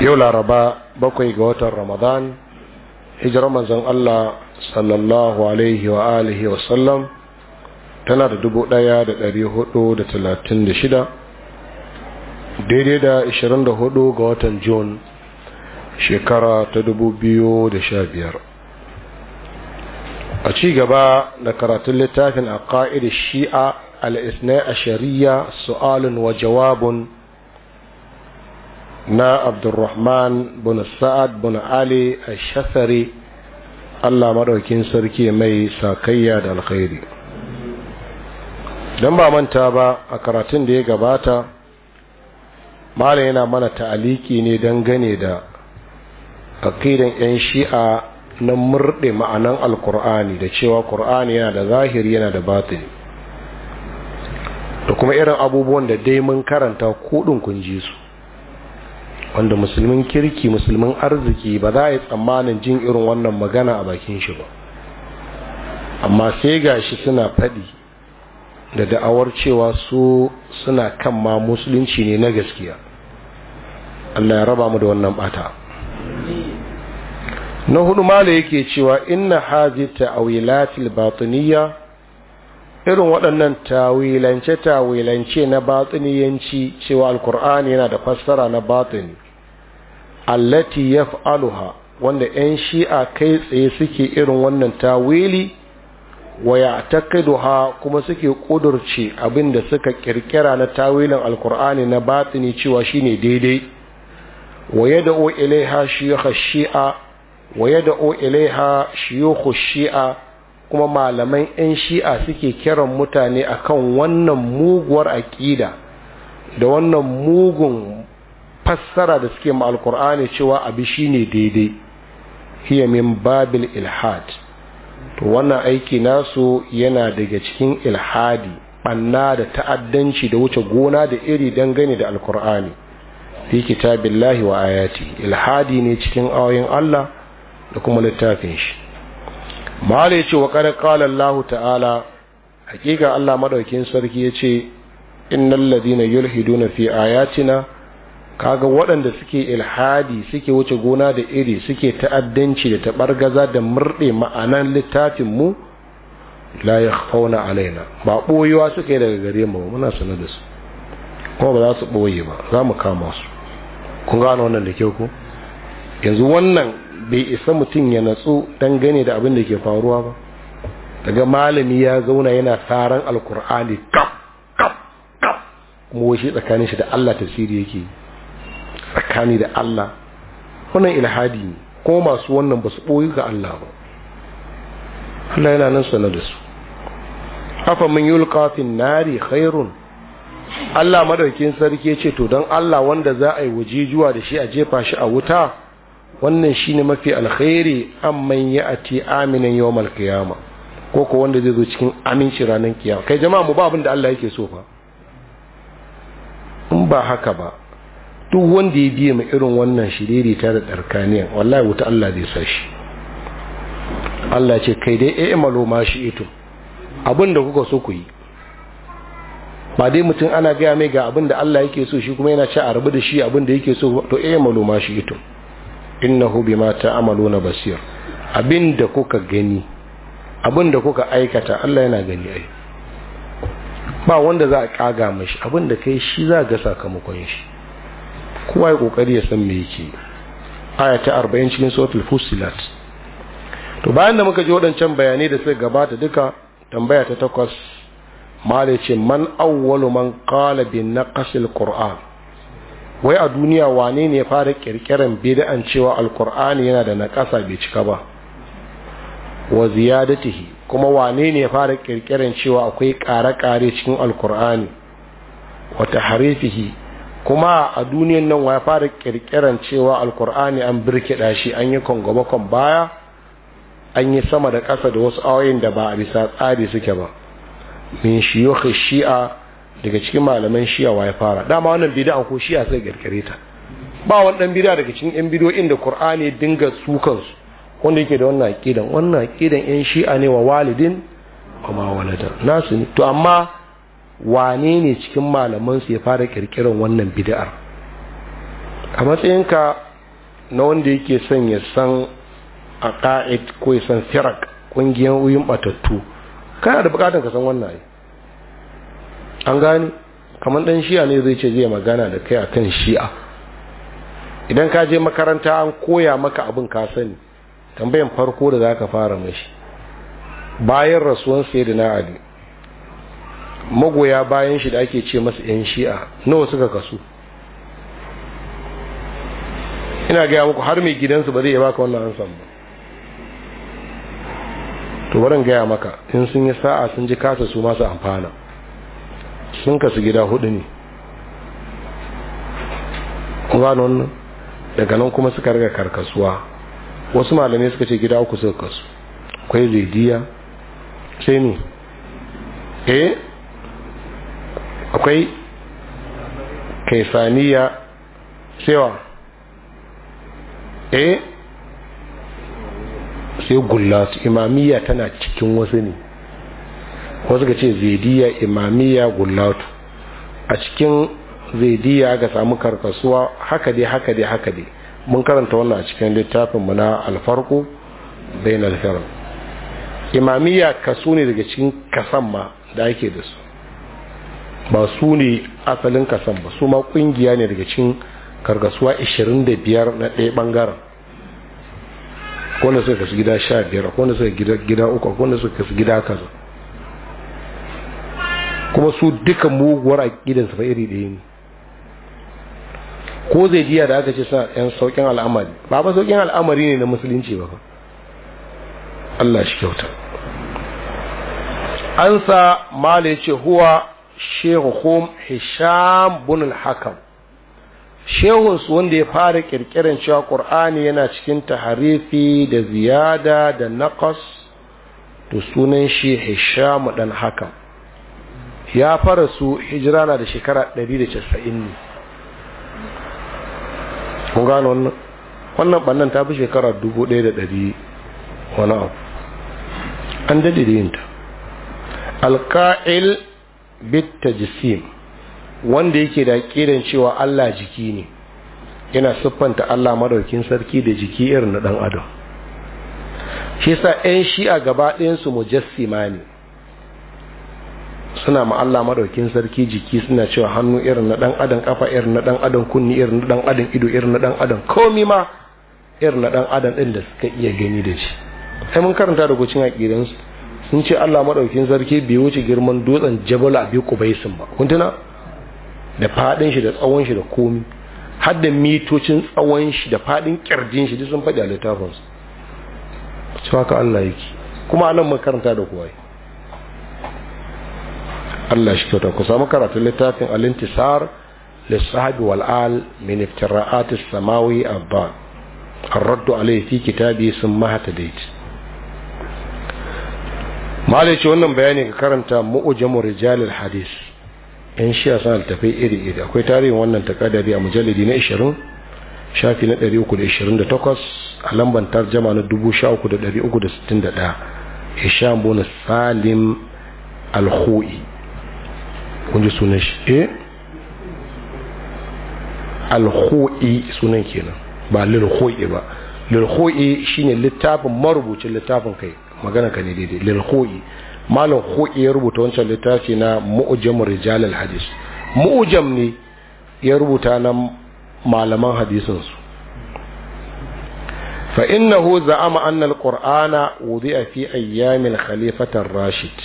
yau laraba bakwai ga watan ramadan hijirar manzon Allah sallallahu alaihi wa alihi wa sallam tana da dubu ɗaya da ɗari hudu da talatin da shida daidai da ashirin da hudu ga watan jun shekara ta dubu biyu da sha biyar a ci gaba da karatun littafin a ƙa'idar shi'a الاثنى عشرية سؤال وجواب نا عبد الرحمن بن سعد بن علي الشثري Allah مدوكين Sarki Mai ساكيا da الخير dan ba manta ba a karatun da ya gabata malam yana mana ta'aliki ne gane da aqidan yan shi'a na murɗe ma'anan alkur'ani da cewa Ƙur'ani yana da zahiri yana da batini da kuma irin abubuwan da dai mun karanta kudin kun ji su wanda musulmin kirki musulmin arziki ba za a yi tsammanin jin irin wannan magana a bakin shi ba amma sai ga shi suna faɗi da da'awar cewa su suna kan ma musulunci ne na gaskiya Allah ya raba mu da wannan bata na hudu mala yake cewa inna hazi ta'awilatil batiniya irin waɗannan tawilance-tawilance na batsiniyanci cewa alkur'ani yana da fassara na batsini allati aluha, wanda 'yan shi'a kai tsaye suke irin wannan tawili wa ya'taqiduha kuma suke abin abinda suka ƙirƙira na tawilin alkur'ani na batsini cewa shine daidai wa yad'u ilaiha ha shi'a wa ilaiha shi'a kuma malaman 'yan shi'a suke kiran mutane akan wannan muguwar aƙida da wannan mugun fassara da suke ma alkur'ani cewa abu shine daidai hiya min babil ilhad to wannan aiki nasu yana daga cikin ilhadi banna da ta'addanci da wuce gona da iri dangane da alkur'ani fi kitabillahi wa ayati ilhadi ne cikin ayoyin Allah da kuma littafin shi mahala ya ce wa ƙarar ta'ala hakika Allah maɗaukin sarki ya ce innal ladina yulhiduna fi ayatina kaga waɗanda suke ilhadi suke wuce gona da iri suke ta'addanci da taɓargaza da murɗe ma'anan littafin mu la yakhfauna alaina ba boyewa suke daga gare mu muna sanar da su kuma ba za su ɓoye ba za mu kama su kun gano wannan da kyau ko yanzu wannan bai isa mutum ya natsu dangane da abin da ke faruwa ba daga malami ya zauna yana saran alkur'ani kaf kaf kaf kuma washe tsakanin shi da Allah tasiri yake tsakani da Allah wannan ilhadi ne ko masu wannan ba su ɓoyi ga Allah ba Allah yana nan sanar da su hafa min yi fin nari khairun Allah madaukin sarki ya ce to don Allah wanda za a yi waje wajejuwa da shi a jefa shi a wuta wannan shine mafi alkhairi amman ya ati aminin yawmal qiyama ko ko wanda zai zo cikin aminci ranar kiyama kai jama'a mu ba abin da Allah yake so fa in ba haka ba duk wanda ya biye mu irin wannan shiriri ta da tsarkaniya wallahi wuta Allah zai sa shi Allah ce kai dai eh malo ma shi ito abin da kuka so ku yi ba dai mutum ana gaya mai ga abin da Allah yake so shi kuma yana ci a rabu da shi abin da yake so to eh malo ma shi ito innahu bima ta'maluna basir abinda kuka gani abinda kuka aikata Allah yana gani ai ba wanda za a kaga mashi abinda kai shi za ga sakamakon shi kowa ya kokari ya san me yake aya ta 40 cikin suratul fusilat to bayan da muka ji waɗancan bayanai da suka gabata duka tambaya ta takwas malai ce man awwalu man qala bin naqsil qur'an wai a duniya wane ne ya fara kirkiran bid'an cewa alkur'ani yana da naƙasa bai cika ba wa ziyadatihi kuma wane ne ya fara kirkiran cewa akwai ƙare-ƙare cikin alkur'ani wa tahrifihi kuma a duniyan nan ya fara kirkiran cewa alkur'ani an birkida shi an yi kongobakon baya an yi sama da ƙasa da wasu ayoyin da ba a bisa tsari suke ba min shiyukh shi'a daga cikin malaman shiya wa ya fara dama wannan bid'a ko shiya sai kirkire ta ba wani dan bid'a daga cikin yan bid'o'in da qur'ani dinga sukan su wanda yake da wannan aqidan wannan aqidan yan shi'a ne wa walidin kuma walada nasu to amma wane ne cikin malaman su ya fara kirkiran wannan bid'ar a ka na wanda yake son ya san aqaid ko ya san firak kungiyan batattu kana da bukatun ka san wannan an gane kamar dan shi'a ne zai ce zai magana da kai akan shi'a idan ka je makaranta an koya maka abin ka sani tambayan farko da zaka fara mashi bayan rasuwan sayyidina ali magoya bayan shi da ake ce masa yan shi'a nawa suka kasu ina gaya muku har mai gidansu ba zai yi baka wannan ansan ba to barin gaya maka in sun yi sa'a sun ji kasa su masu amfana sun kasu gida hudu ne wannan daga nan kuma suka riga karkasuwa wasu malamai suka ce gida uku suka kasu akwai zaidiya sai ne eh akwai kaisaniya cewa eh sai gullatu imamiyya tana cikin wasu ne ko suka ce zaidiya imamiya gullatu a cikin zaidiya ga samu karkasuwa haka dai haka dai haka dai mun karanta wannan a cikin littafinmu na alfarko bain alfar imamiya kaso ne daga cikin kasan ma da ake da su ba su ne asalin kasan ba su ma kungiya ne daga cikin karkasuwa 25 na ɗaya ɓangaren wanda suka kasu gida 15 wanda suka gida uku wanda suka kasu gida kaza kuma su duka muguwar aƙidar su fa iri ɗaya ne ko zai jiya da aka ce suna ɗan sauƙin al'amari ba ba sauƙin al'amari ne na musulunci ba Allah shi kyauta an sa mala ya ce huwa shehuhum hisham bin al-hakam shehunsu wanda ya fara kirkiran cewa ƙur'ani yana cikin taharifi da ziyada da naqas da sunan shi hisham dan hakam ya fara su hijira na da shekara 190 ne kun gano wannan wannan bannan ta fi shekara 1100 wani abu an dade da yinta alka'il Bitta jisim wanda yake da kiran cewa Allah jiki ne yana siffanta Allah madaukin sarki da jiki irin na ɗan adam shi yasa ƴan shi'a gaba ɗayansu mujassima ne suna ma Allah madaukin sarki jiki suna cewa hannu irin na dan adam kafa irin na dan adam kunni irin na dan adam ido irin na dan adam komi ma irin na dan adam din da suka iya gani da shi sai mun karanta da gocin aqidan su sun ce Allah madaukin sarki bai wuce girman dutsen Jabal Abi Qubaisin ba kun tuna da fadin shi da tsawon shi da komi har da mitocin tsawon shi da fadin kirjin shi duk sun faɗi a littafin su ka Allah yake kuma anan mun karanta da kowa Allah shi kyauta ku samu karatun littafin al-intisar للصحب والآل من افتراءات السماوي الضال الرد عليه في كتابي ثم اهتديت malai wannan bayani ka karanta mu'ujamu rijalil hadis in shi ya san tafai iri iri akwai tarihin wannan takadari a mujalladi na 20 shafi na 328 a lamban tarjama na 13361 hisham bin salim al-khu'i kun ji sunan shi eh alhoi sunan kenan ba lilhoi ba lilhoi shine littafin marubucin littafin kai magana ka ne daidai lilhoi malam hoi ya rubuta wancan littafi na mu'jam rijal hadis mu'jam ne ya rubuta na malaman hadisin su fa innahu za'ama anna alqur'ana wudi'a fi ayyamil khalifatar rashid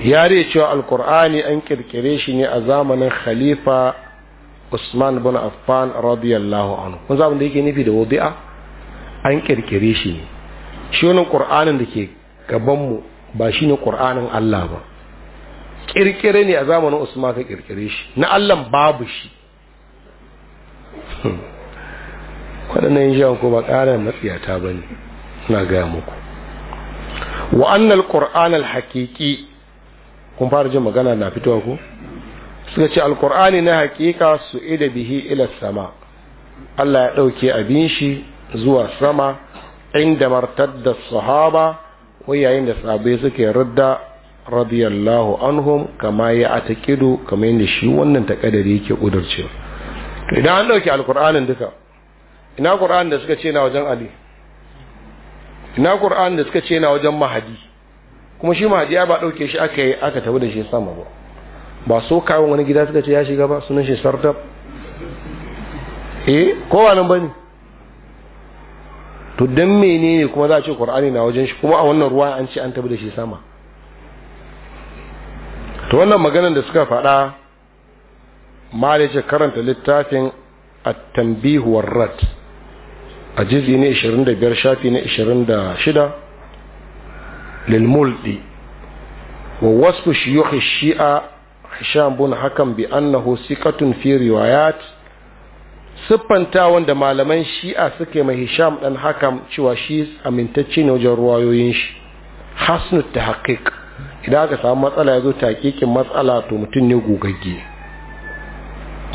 ya cewa alkur'ani an kirkire shi ne a zamanin khalifa usman bin affan radiyallahu anhu kun da yake nufi da wadi'a an kirkire shi ne shi wani da ke gabanmu ba shi ne Kur'anin allah ba kirkire ne a zamanin usman ka kirkire shi na allah babu shi hmm. waɗannan yin ko ba ƙara matsiyata ba ne na gaya muku wa'annan ƙur'an al-haƙiƙi kun fara jin magana na fitowa ko suka ce alkur'ani na hakika su ida bihi ila sama Allah ya ɗauke abin shi zuwa sama inda martadda sahaba wai yayin da sahabbai suke radda radiyallahu anhum kama ya atakidu kama yadda shi wannan takadari yake kudurce idan an ɗauke alkur'anin duka ina qur'an da suka ce na wajen ali ina qur'an da suka ce na wajen mahadi kuma shi ya ba ɗauke shi aka yi aka tafi da shi sama ba ba so kawon wani gida suka ce ya shiga ba sunan shi sartar eh kowa nan ba ne to don ne kuma za a ce ƙur'ani na wajen shi kuma a wannan ruwa an ce an tafi da shi sama to wannan maganar da suka faɗa ma da ce karanta littafin a tambihuwar rat a jizi ne 25 shafi na 26 للملد ووصف شيوخ الشيعة هشام بن حكم بأنه ثقة في روايات siffantawan da malaman shi'a suke mai hisham ɗan hakam cewa shi amintacce ne wajen ruwayoyin shi hasnut ta haƙiƙ idan aka samu matsala ya zo ta haƙiƙin matsala to mutum ne gogagge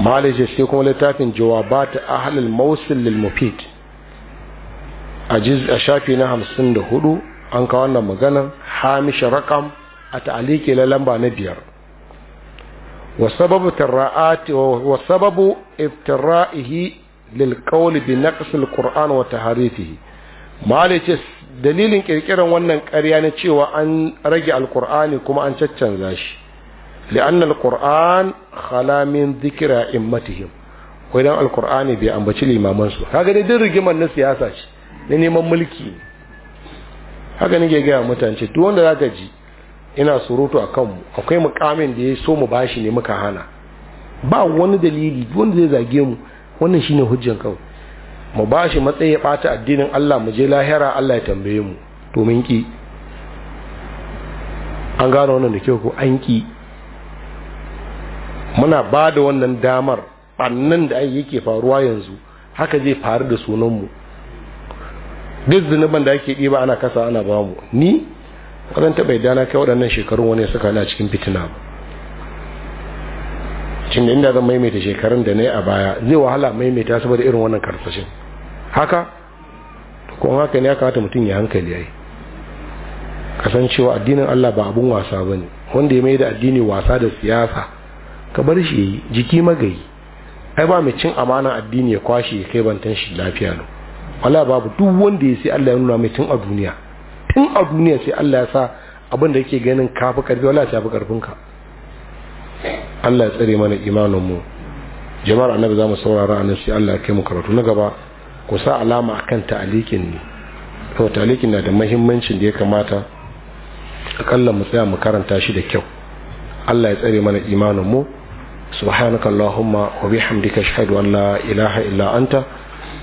malaje sai kuma littafin jawabata ahlul mawsil lil mufid a shafi na hamsin da hudu an kawo wannan maganan hamish rakam a ta'aliki la lamba na biyar wa sababu tarra'ati wa sababu iftira'ihi lil qawli bi naqs al qur'an wa taharifihi malice dalilin kirkiran wannan ƙarya na cewa an rage alqur'ani kuma an caccanza shi li'anna alqur'an khala min dhikra immatihim wai dan alqur'ani bai ambaci limaman su kaga dai rigimar na siyasa ce ne neman mulki ne haka nake gaya mutane duk wanda zaka ji ina surutu a kanmu akwai mukamin da ya so mu bashi ne muka hana ba wani dalili duk wanda zai zage mu wannan shine hujjan kan mu bashi matsayi ya bata addinin Allah mu je lahira Allah ya tambaye mu to ki an gano wannan da kyau ko an ki muna ba da wannan damar annan da yake faruwa yanzu haka zai faru da sunanmu duk zunuban da ake ɗiba ana kasa ana ba mu ni zan taɓa yadda dana kai waɗannan shekarun wani saka na cikin fitina ba cin da inda zan maimaita shekarun da na yi a baya zai wahala maimaita saboda irin wannan karsashin haka kuma haka ne ya kamata mutum ya hankali ya yayi kasancewa addinin Allah ba abun wasa ba ne wanda ya mai da addini wasa da siyasa ka bar shi yi jiki magayi ai ba mai cin amana addini ya kwashe ya kai bantan shi lafiya ne wala babu duk wanda ya sai Allah ya nuna mai tun a duniya tun a duniya sai Allah ya sa abin da yake ganin kafi karfi wala ta fi karfin ka Allah ya tsare mana imanin mu jama'ar annabi zamu saurara anan sai Allah ya kai mu karatu na gaba ku sa alama akan ta'alikin ne to ta'alikin na da muhimmancin da ya kamata akalla mu tsaya mu karanta shi da kyau Allah ya tsare mana imanin mu subhanakallahumma wa bihamdika ashhadu an la ilaha illa anta